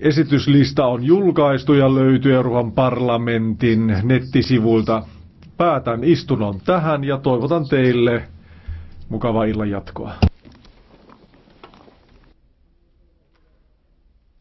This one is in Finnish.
Esityslista on julkaistu ja löytyy Euroopan parlamentin nettisivuilta. Päätän istunnon tähän ja toivotan teille mukavaa illan jatkoa.